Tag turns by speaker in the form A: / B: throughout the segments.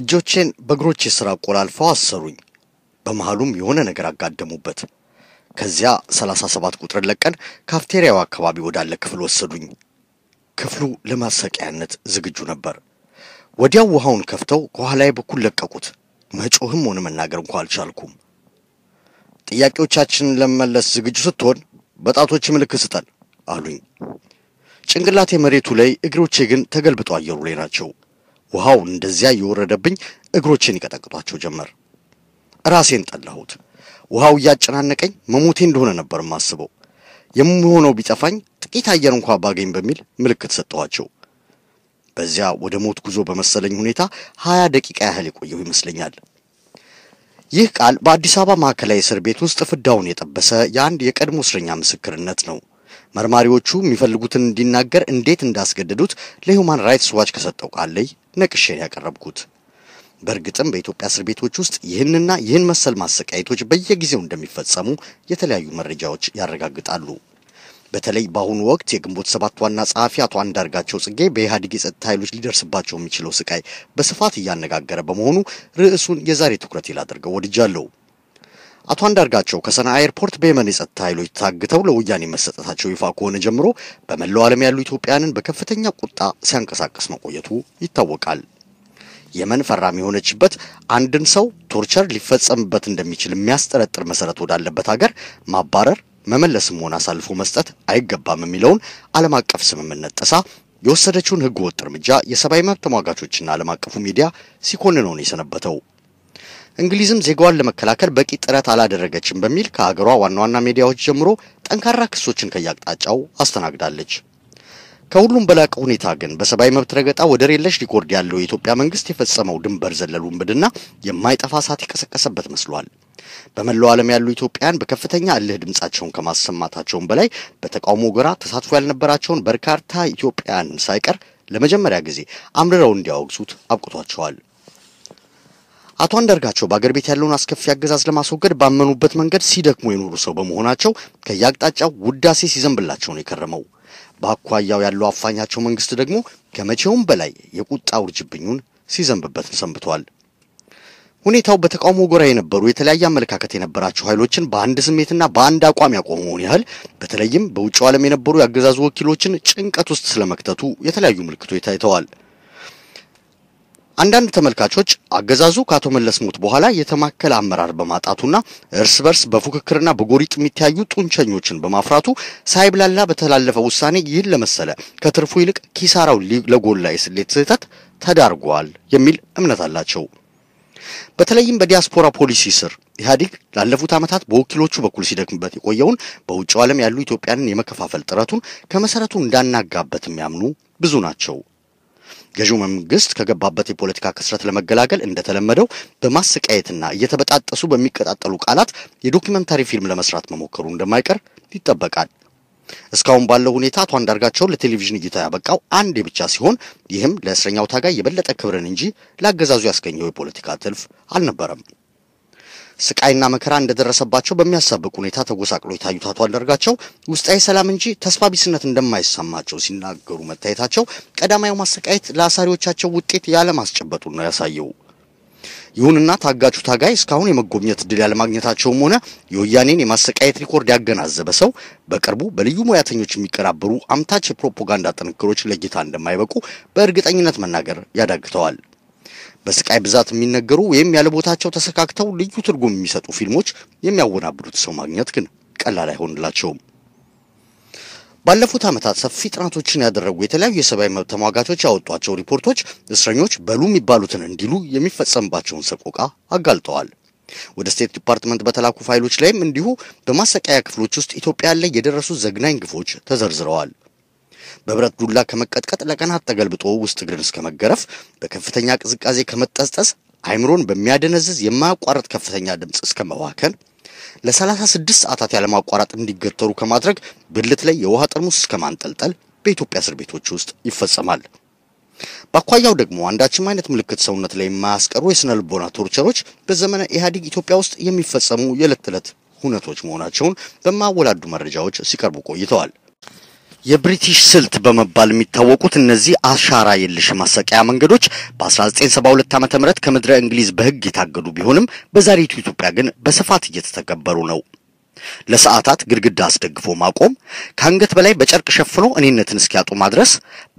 A: እጆቼን በእግሮቼ ስራ አቆላልፈው አሰሩኝ። በመሃሉም የሆነ ነገር አጋደሙበት። ከዚያ 37 ቁጥርን ለቀን ካፍቴሪያው አካባቢ ወዳለ ክፍል ወሰዱኝ። ክፍሉ ለማሰቂያነት ዝግጁ ነበር። ወዲያው ውሃውን ከፍተው ከኋላዬ በኩል ለቀቁት። መጮህም ሆነ መናገር እንኳ አልቻልኩም። ጥያቄዎቻችንን ለመመለስ ዝግጁ ስትሆን በጣቶች ምልክት ስጠን አሉኝ። ጭንቅላቴ መሬቱ ላይ፣ እግሮቼ ግን ተገልብጠው አየሩ ላይ ናቸው። ውሃው እንደዚያ እየወረደብኝ እግሮቼን ይቀጠቅጧቸው ጀመር። ራሴን ጠላሁት። ውሃው እያጨናነቀኝ መሞቴ እንደሆነ ነበር ማስበው። የምሆነው ቢጠፋኝ ጥቂት አየር እንኳ ባገኝ በሚል ምልክት ሰጠኋቸው። በዚያ ወደ ሞት ጉዞ በመሰለኝ ሁኔታ ሀያ ደቂቃ ያህል የቆየሁ ይመስለኛል። ይህ ቃል በአዲስ አበባ ማዕከላዊ እስር ቤት ውስጥ ፍዳውን የጠበሰ የአንድ የቀድሞ እስረኛ ምስክርነት ነው። መርማሪዎቹ የሚፈልጉትን እንዲናገር እንዴት እንዳስገደዱት ለሁማን ራይትስ ዋች ከሰጠው ቃል ላይ ነቅሼ ያቀረብኩት። በእርግጥም በኢትዮጵያ እስር ቤቶች ውስጥ ይህንና ይህን መሰል ማሰቃየቶች በየጊዜው እንደሚፈጸሙ የተለያዩ መረጃዎች ያረጋግጣሉ። በተለይ በአሁኑ ወቅት የግንቦት ሰባት ዋና ጸሐፊ አቶ አንዳርጋቸው ጽጌ በኢህአዴግ የጸጥታ ኃይሎች ሊደርስባቸው የሚችለው ስቃይ በስፋት እያነጋገረ በመሆኑ ርዕሱን የዛሬ ትኩረት ላደርገው ወድጃለሁ። አቶ አንዳርጋቸው ከሰና ኤርፖርት በየመን የጸጥታ ኃይሎች ታግተው ለወያኔ መሰጠታቸው ይፋ ከሆነ ጀምሮ በመላው ዓለም ያሉ ኢትዮጵያውያንን በከፍተኛ ቁጣ ሲያንቀሳቀስ መቆየቱ ይታወቃል። የመን ፈራሚ የሆነችበት አንድን ሰው ቶርቸር ሊፈጸምበት እንደሚችል የሚያስጠረጥር መሰረት ወዳለበት ሀገር ማባረር፣ መመለስም ሆነ አሳልፎ መስጠት አይገባም የሚለውን ዓለም አቀፍ ስምምነት ጥሳ የወሰደችውን ህገ ወጥ እርምጃ የሰብአዊ መብት ተሟጋቾችና ዓለም አቀፉ ሚዲያ ሲኮንነው ነው የሰነበተው። እንግሊዝም ዜጋዋን ለመከላከል በቂ ጥረት አላደረገችም በሚል ከሀገሯ ዋና ዋና ሚዲያዎች ጀምሮ ጠንካራ ክሶችን ከያቅጣጫው አስተናግዳለች። ከሁሉም በላቀ ሁኔታ ግን በሰብአዊ መብት ረገጣ ወደር የለሽ ሪኮርድ ያለው የኢትዮጵያ መንግስት የፈጸመው ድንበር ዘለል ውንብድና የማይጠፋ እሳት የቀሰቀሰበት መስሏል። በመላው ዓለም ያሉ ኢትዮጵያን በከፍተኛ እልህ ድምጻቸውን ከማሰማታቸውም በላይ በተቃውሞ ጎራ ተሳትፎ ያልነበራቸውን በርካታ ኢትዮጵያን ሳይቀር ለመጀመሪያ ጊዜ አምርረው እንዲያወግዙት አብቅቷቸዋል። አቶ አንዳርጋቸው በአገር ቤት ያለውን አስከፊ አገዛዝ ለማስወገድ ባመኑበት መንገድ ሲደክሙ የኖሩ ሰው በመሆናቸው ከየአቅጣጫው ውዳሴ ሲዘንብላቸው ነው የከረመው። በአኳያው ያለው አፋኛቸው መንግስት ደግሞ ከመቼውም በላይ የቁጣ ውርጅብኙን ሲዘንብበትም ሰንብቷል። ሁኔታው በተቃውሞ ጎራ የነበሩ የተለያየ አመለካከት የነበራቸው ኃይሎችን በአንድ ስሜትና በአንድ አቋም ያቆመውን ያህል በተለይም በውጭው ዓለም የነበሩ የአገዛዙ ወኪሎችን ጭንቀት ውስጥ ስለመክተቱ የተለያዩ ምልክቶች ታይተዋል። አንዳንድ ተመልካቾች አገዛዙ ከአቶ መለስ ሞት በኋላ የተማከለ አመራር በማጣቱና እርስ በርስ በፉክክርና በጎሪጥ የሚታዩ ጡንቸኞችን በማፍራቱ ሳይብላላ በተላለፈ ውሳኔ ይህን ለመሰለ ከትርፉ ይልቅ ኪሳራው ለጎላ የስሌት ስህተት ተዳርጓል የሚል እምነት አላቸው። በተለይም በዲያስፖራ ፖሊሲ ስር ኢህአዴግ ላለፉት ዓመታት በወኪሎቹ በኩል ሲደክምበት የቆየውን በውጭው ዓለም ያሉ ኢትዮጵያንን የመከፋፈል ጥረቱን ከመሰረቱ እንዳናጋበት የሚያምኑ ብዙ ናቸው። ገዢው መንግስት ከገባበት የፖለቲካ ክስረት ለመገላገል እንደተለመደው በማሰቃየትና እየተበጣጠሱ በሚቀጣጠሉ ቃላት የዶኪመንታሪ ፊልም ለመስራት መሞከሩ እንደማይቀር ይጠበቃል። እስካሁን ባለው ሁኔታ አቶ አንዳርጋቸውን ለቴሌቪዥን እይታ ያበቃው አንዴ ብቻ ሲሆን ይህም ለእስረኛው ታጋይ የበለጠ ክብርን እንጂ ለአገዛዙ ያስገኘው የፖለቲካ ትልፍ አልነበረም። ስቃይና መከራ እንደደረሰባቸው በሚያሳብቅ ሁኔታ ተጎሳቅሎ የታዩት አቶ አንዳርጋቸው ውስጣዊ ሰላም እንጂ ተስፋ ቢስነት እንደማይሰማቸው ሲናገሩ መታየታቸው ቀዳማዊ ማሰቃየት ለአሳሪዎቻቸው ውጤት ያለማስጨበጡን ነው ያሳየው። ይሁንና ታጋቹ ታጋይ እስካሁን የመጎብኘት እድል ያለማግኘታቸውም ሆነ የወያኔን የማሰቃየት ሪኮርድ ያገናዘበ ሰው በቅርቡ በልዩ ሙያተኞች የሚቀራበሩ አምታች የፕሮፓጋንዳ ጥንክሮች ለጌታ እንደማይበቁ በእርግጠኝነት መናገር ያዳግተዋል። በስቃይ ብዛት የሚነገሩ ወይም ያለ ቦታቸው ተሰካክተው ልዩ ትርጉም የሚሰጡ ፊልሞች የሚያወናብዱት ሰው ማግኘት ግን ቀላል አይሆንላቸውም። ባለፉት ዓመታት ሰፊ ጥናቶችን ያደረጉ የተለያዩ የሰብአዊ መብት ተሟጋቾች ያወጧቸው ሪፖርቶች እስረኞች በሉ የሚባሉትን እንዲሉ የሚፈጸምባቸውን ሰቆቃ አጋልጠዋል። ወደ ስቴት ዲፓርትመንት በተላኩ ፋይሎች ላይም እንዲሁ በማሰቃያ ክፍሎች ውስጥ ኢትዮጵያ ላይ የደረሱ ዘግናኝ ግፎች ተዘርዝረዋል። በብረት ዱላ ከመቀጥቀጥ ለቀናት ተገልብጦ ውስጥ እግርን እስከ መገረፍ፣ በከፍተኛ ቅዝቃዜ ከመጠስጠስ አይምሮን በሚያደነዝዝ የማያቋረጥ ከፍተኛ ድምፅ እስከ መዋከን ለ36 ሰዓታት ያለማቋረጥ እንዲገተሩ ከማድረግ ብልት ላይ የውሃ ጠርሙስ እስከ ማንጠልጠል በኢትዮጵያ እስር ቤቶች ውስጥ ይፈጸማል። በአኳያው ደግሞ አንዳችም አይነት ምልክት ሰውነት ላይ የማያስቀሩ የስነ ልቦና ቶርቸሮች በዘመነ ኢህአዴግ ኢትዮጵያ ውስጥ የሚፈጸሙ የዕለት ተዕለት ሁነቶች መሆናቸውን በማወላዱ መረጃዎች ሲቀርቡ ቆይተዋል። የብሪቲሽ ስልት በመባል የሚታወቁት እነዚህ አሻራ የለሽ ማሰቂያ መንገዶች በ1972 ም ከምድረ እንግሊዝ በህግ የታገዱ ቢሆንም በዛሬቱ ኢትዮጵያ ግን በስፋት እየተተገበሩ ነው። ለሰዓታት ግድግዳ አስደግፎ ማቆም፣ ከአንገት በላይ በጨርቅ ሸፍኖ እኔነትን እስኪያጡ ማድረስ፣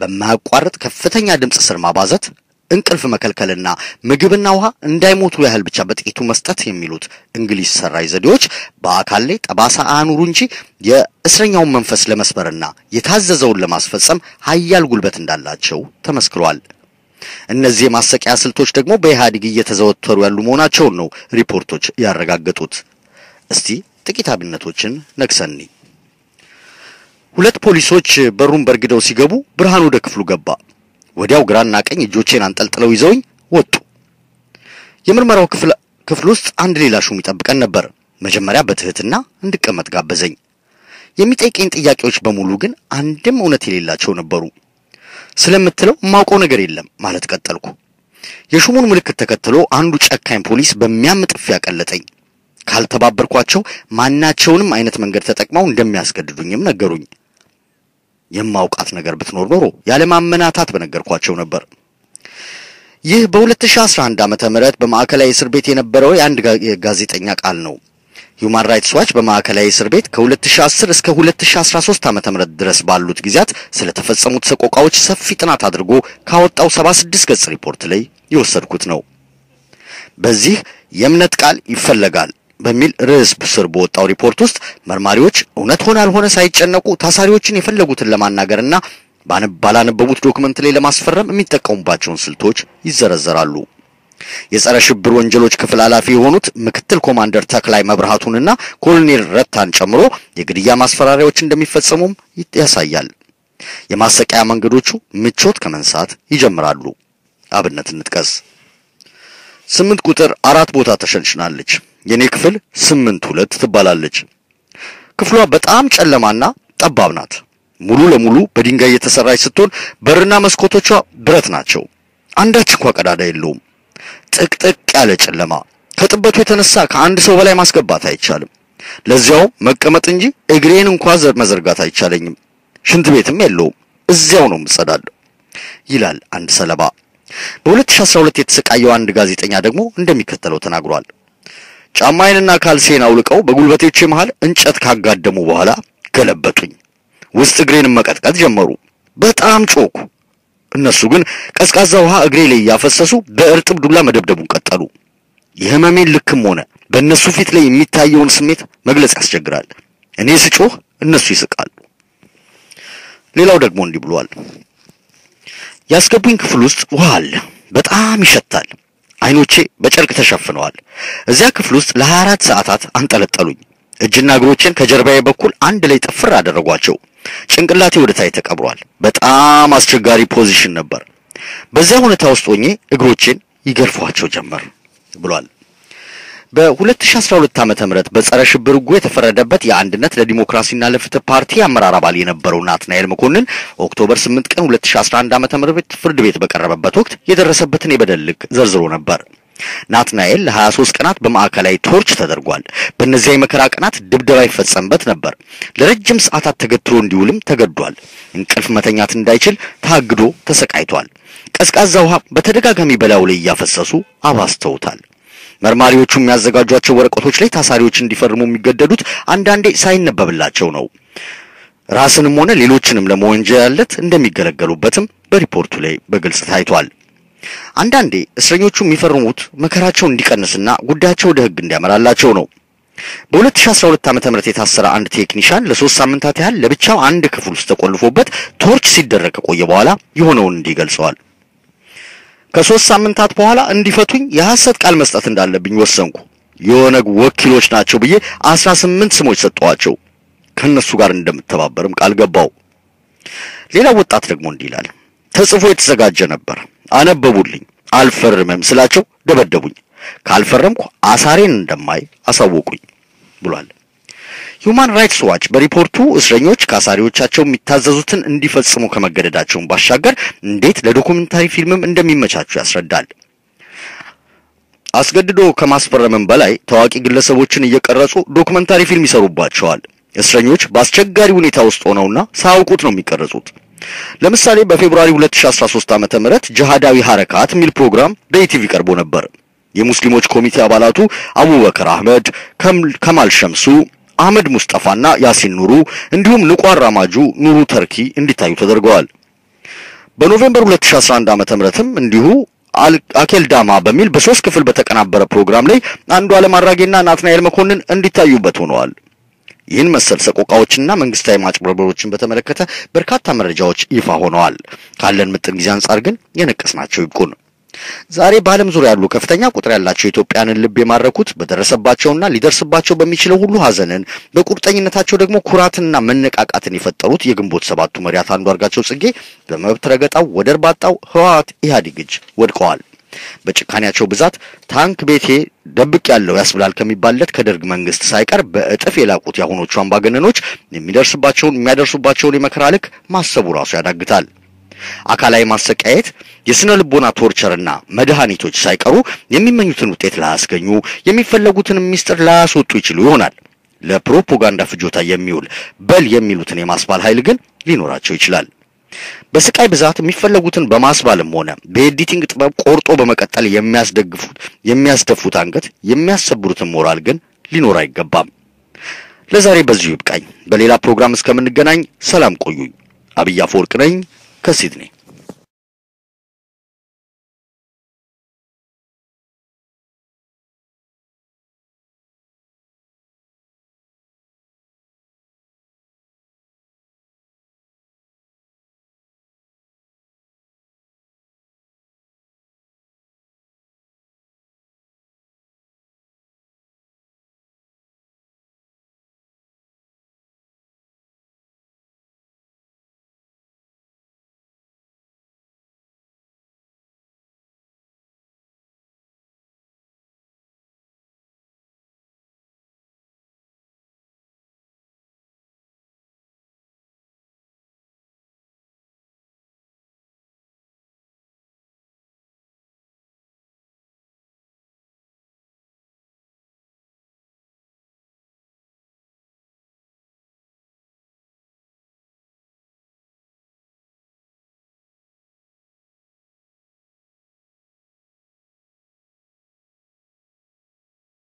A: በማያቋርጥ ከፍተኛ ድምፅ ስር ማባዘት፣ እንቅልፍ መከልከልና ምግብና ውሃ እንዳይሞቱ ያህል ብቻ በጥቂቱ መስጠት የሚሉት እንግሊዝ ሰራይ ዘዴዎች በአካል ላይ ጠባሳ አያኑሩ እንጂ የእስረኛውን መንፈስ ለመስበርና የታዘዘውን ለማስፈጸም ሀያል ጉልበት እንዳላቸው ተመስክሯል። እነዚህ የማሰቂያ ስልቶች ደግሞ በኢህአዴግ እየተዘወተሩ ያሉ መሆናቸውን ነው ሪፖርቶች ያረጋገጡት። እስቲ ጥቂት አብነቶችን ነግሰኒ ሁለት ፖሊሶች በሩን በርግደው ሲገቡ ብርሃኑ ወደ ክፍሉ ገባ። ወዲያው ግራና ቀኝ እጆቼን አንጠልጥለው ይዘውኝ ወጡ። የምርመራው ክፍል ውስጥ አንድ ሌላ ሹም ይጠብቀን ነበር። መጀመሪያ በትህትና እንድቀመጥ ጋበዘኝ። የሚጠይቀኝ ጥያቄዎች በሙሉ ግን አንድም እውነት የሌላቸው ነበሩ። ስለምትለው የማውቀው ነገር የለም ማለት ቀጠልኩ። የሹሙን ምልክት ተከትሎ አንዱ ጨካኝ ፖሊስ በሚያም ያቀለጠኝ። ካልተባበርኳቸው ማናቸውንም አይነት መንገድ ተጠቅመው እንደሚያስገድዱኝም ነገሩኝ። የማውቃት ነገር ብትኖር ኖሮ ያለማመናታት በነገርኳቸው ነበር። ይህ በ2011 ዓመተ ምህረት በማዕከላዊ እስር ቤት የነበረው የአንድ ጋዜጠኛ ቃል ነው። ሁማን ራይትስ ዋች በማዕከላዊ እስር ቤት ከ2010 እስከ 2013 ዓመተ ምህረት ድረስ ባሉት ጊዜያት ስለተፈጸሙት ሰቆቃዎች ሰፊ ጥናት አድርጎ ካወጣው 76 ገጽ ሪፖርት ላይ የወሰድኩት ነው። በዚህ የእምነት ቃል ይፈለጋል በሚል ርዕስ ስር በወጣው ሪፖርት ውስጥ መርማሪዎች እውነት ሆነ አልሆነ ሳይጨነቁ ታሳሪዎችን የፈለጉትን ለማናገርና ባላነበቡት ዶክመንት ላይ ለማስፈረም የሚጠቀሙባቸውን ስልቶች ይዘረዘራሉ። የጸረ ሽብር ወንጀሎች ክፍል ኃላፊ የሆኑት ምክትል ኮማንደር ተክላይ መብርሃቱንና ኮሎኔል ረታን ጨምሮ የግድያ ማስፈራሪያዎች እንደሚፈጸሙም ያሳያል። የማሰቃያ መንገዶቹ ምቾት ከመንሳት ይጀምራሉ። አብነት እንጥቀስ። ስምንት ቁጥር አራት ቦታ ተሸንሽናለች። የኔ ክፍል ስምንት ሁለት ትባላለች። ክፍሏ በጣም ጨለማና ጠባብ ናት። ሙሉ ለሙሉ በድንጋይ የተሰራች ስትሆን በርና መስኮቶቿ ብረት ናቸው። አንዳች እንኳ ቀዳዳ የለውም። ጥቅጥቅ ያለ ጨለማ። ከጥበቱ የተነሳ ከአንድ ሰው በላይ ማስገባት አይቻልም። ለዚያው መቀመጥ እንጂ እግሬን እንኳ መዘርጋት አይቻለኝም። ሽንት ቤትም የለውም። እዚያው ነው የምጸዳለው ይላል አንድ ሰለባ። በ2012 የተሰቃየው አንድ ጋዜጠኛ ደግሞ እንደሚከተለው ተናግሯል። ጫማዬንና ካልሴን አውልቀው በጉልበቶቼ መሃል እንጨት ካጋደሙ በኋላ ገለበጡኝ። ውስጥ እግሬን መቀጥቀጥ ጀመሩ። በጣም ጮኩ። እነሱ ግን ቀዝቃዛ ውሃ እግሬ ላይ እያፈሰሱ በእርጥብ ዱላ መደብደቡን ቀጠሉ። የህመሜን ልክም ሆነ በእነሱ ፊት ላይ የሚታየውን ስሜት መግለጽ ያስቸግራል። እኔ ስጮህ እነሱ ይስቃሉ። ሌላው ደግሞ እንዲህ ብሏል። ያስገቡኝ ክፍል ውስጥ ውሃ አለ። በጣም ይሸታል። አይኖቼ በጨርቅ ተሸፍነዋል። እዚያ ክፍል ውስጥ ለ24 ሰዓታት አንጠለጠሉኝ። እጅና እግሮቼን ከጀርባዬ በኩል አንድ ላይ ጥፍር አደረጓቸው። ጭንቅላቴ ወደ ታች ተቀብሯል። በጣም አስቸጋሪ ፖዚሽን ነበር። በዚያ ሁኔታ ውስጥ ሆኜ እግሮቼን ይገርፏቸው ጀመር ብሏል። በ2012 ዓ.ም በጸረ ሽብር ሕጉ የተፈረደበት የአንድነት ለዲሞክራሲና ለፍትህ ፓርቲ አመራር አባል የነበረው ናትናኤል መኮንን ኦክቶበር 8 ቀን 2011 ዓ.ም ፍርድ ቤት በቀረበበት ወቅት የደረሰበትን የበደል ልክ ዘርዝሮ ነበር። ናትናኤል ለ23 ቀናት በማዕከላዊ ቶርች ተደርጓል። በእነዚያ የመከራ ቀናት ድብደባ ይፈጸምበት ነበር። ለረጅም ሰዓታት ተገትሮ እንዲውልም ተገዷል። እንቅልፍ መተኛት እንዳይችል ታግዶ ተሰቃይቷል። ቀዝቃዛ ውሃ በተደጋጋሚ በላዩ ላይ እያፈሰሱ አባስተውታል። መርማሪዎቹ የሚያዘጋጇቸው ወረቀቶች ላይ ታሳሪዎች እንዲፈርሙ የሚገደዱት አንዳንዴ ሳይነበብላቸው ነው። ራስንም ሆነ ሌሎችንም ለመወንጀልለት እንደሚገለገሉበትም በሪፖርቱ ላይ በግልጽ ታይቷል። አንዳንዴ እስረኞቹ የሚፈርሙት መከራቸው እንዲቀንስና ጉዳያቸው ወደ ሕግ እንዲያመራላቸው ነው። በ2012 ዓመተ ምህረት የታሰረ አንድ ቴክኒሻን ለሶስት ሳምንታት ያህል ለብቻው አንድ ክፍል ውስጥ ተቆልፎበት ቶርች ሲደረግ ከቆየ በኋላ የሆነውን እንዲገልጸዋል። ከሶስት ሳምንታት በኋላ እንዲፈቱኝ የሐሰት ቃል መስጠት እንዳለብኝ ወሰንኩ። የኦነግ ወኪሎች ናቸው ብዬ አስራ ስምንት ስሞች ሰጠዋቸው። ከነሱ ጋር እንደምተባበርም ቃል ገባው። ሌላ ወጣት ደግሞ እንዲህ ይላል። ተጽፎ የተዘጋጀ ነበር። አነበቡልኝ። አልፈርምም ስላቸው ደበደቡኝ። ካልፈረምኩ አሳሬን እንደማይ አሳወቁኝ ብሏል። ሁማን ራይትስ ዋች በሪፖርቱ እስረኞች ከአሳሪዎቻቸው የሚታዘዙትን እንዲፈጽሙ ከመገደዳቸውን ባሻገር እንዴት ለዶኩመንታሪ ፊልምም እንደሚመቻቹ ያስረዳል። አስገድዶ ከማስፈረምም በላይ ታዋቂ ግለሰቦችን እየቀረጹ ዶኩመንታሪ ፊልም ይሰሩባቸዋል። እስረኞች በአስቸጋሪ ሁኔታ ውስጥ ሆነውና ሳያውቁት ነው የሚቀረጹት። ለምሳሌ በፌብሩዋሪ 2013 ዓመተ ምህረት ጅሃዳዊ ሐረካት የሚል ፕሮግራም በኢቲቪ ቀርቦ ነበር። የሙስሊሞች ኮሚቴ አባላቱ አቡበከር አህመድ፣ ከማል ሸምሱ አህመድ ሙስጠፋና ያሲን ኑሩ እንዲሁም ንቁ አራማጁ ኑሩ ተርኪ እንዲታዩ ተደርገዋል። በኖቬምበር 2011 ዓም ምህረትም እንዲሁ አኬል ዳማ በሚል በሶስት ክፍል በተቀናበረ ፕሮግራም ላይ አንዱ አለም አራጌና ናትናኤል መኮንን እንዲታዩበት ሆነዋል። ይህን መሰል ሰቆቃዎችና መንግስታዊ ማጭበርበሮችን በተመለከተ በርካታ መረጃዎች ይፋ ሆነዋል። ካለን ምጥን ጊዜ አንጻር ግን የነቀስናቸው ይብቁን። ዛሬ በዓለም ዙሪያ ያሉ ከፍተኛ ቁጥር ያላቸው ኢትዮጵያንን ልብ የማረኩት በደረሰባቸውና ሊደርስባቸው በሚችለው ሁሉ ሐዘንን በቁርጠኝነታቸው ደግሞ ኩራትና መነቃቃትን የፈጠሩት የግንቦት ሰባቱ መሪያት አርጋቸው ጽጌ በመብት ረገጣው ወደር ባጣው ህወሓት ኢህአዴግ እጅ ወድቀዋል። በጭካኔያቸው ብዛት ታንክ ቤቴ ደብቅ ያለው ያስብላል ከሚባልለት ከደርግ መንግስት ሳይቀር በእጥፍ የላቁት የአሁኖቹ አምባገነኖች የሚደርስባቸውን የሚያደርሱባቸውን የመከራ ልክ ማሰቡ ራሱ ያዳግታል። አካላዊ ማሰቃየት፣ የስነ ልቦና ቶርቸርና መድኃኒቶች ሳይቀሩ የሚመኙትን ውጤት ላያስገኙ የሚፈለጉትን ሚስጥር ላያስወጡ ይችሉ ይሆናል። ለፕሮፓጋንዳ ፍጆታ የሚውል በል የሚሉትን የማስባል ኃይል ግን ሊኖራቸው ይችላል። በስቃይ ብዛት የሚፈለጉትን በማስባልም ሆነ በኤዲቲንግ ጥበብ ቆርጦ በመቀጠል የሚያስደግፉት የሚያስደፉት አንገት የሚያሰብሩትን ሞራል ግን ሊኖር አይገባም። ለዛሬ በዚሁ ይብቃኝ። በሌላ ፕሮግራም እስከምንገናኝ ሰላም ቆዩኝ። አብይ አፈወርቅ ነኝ። Cassidney.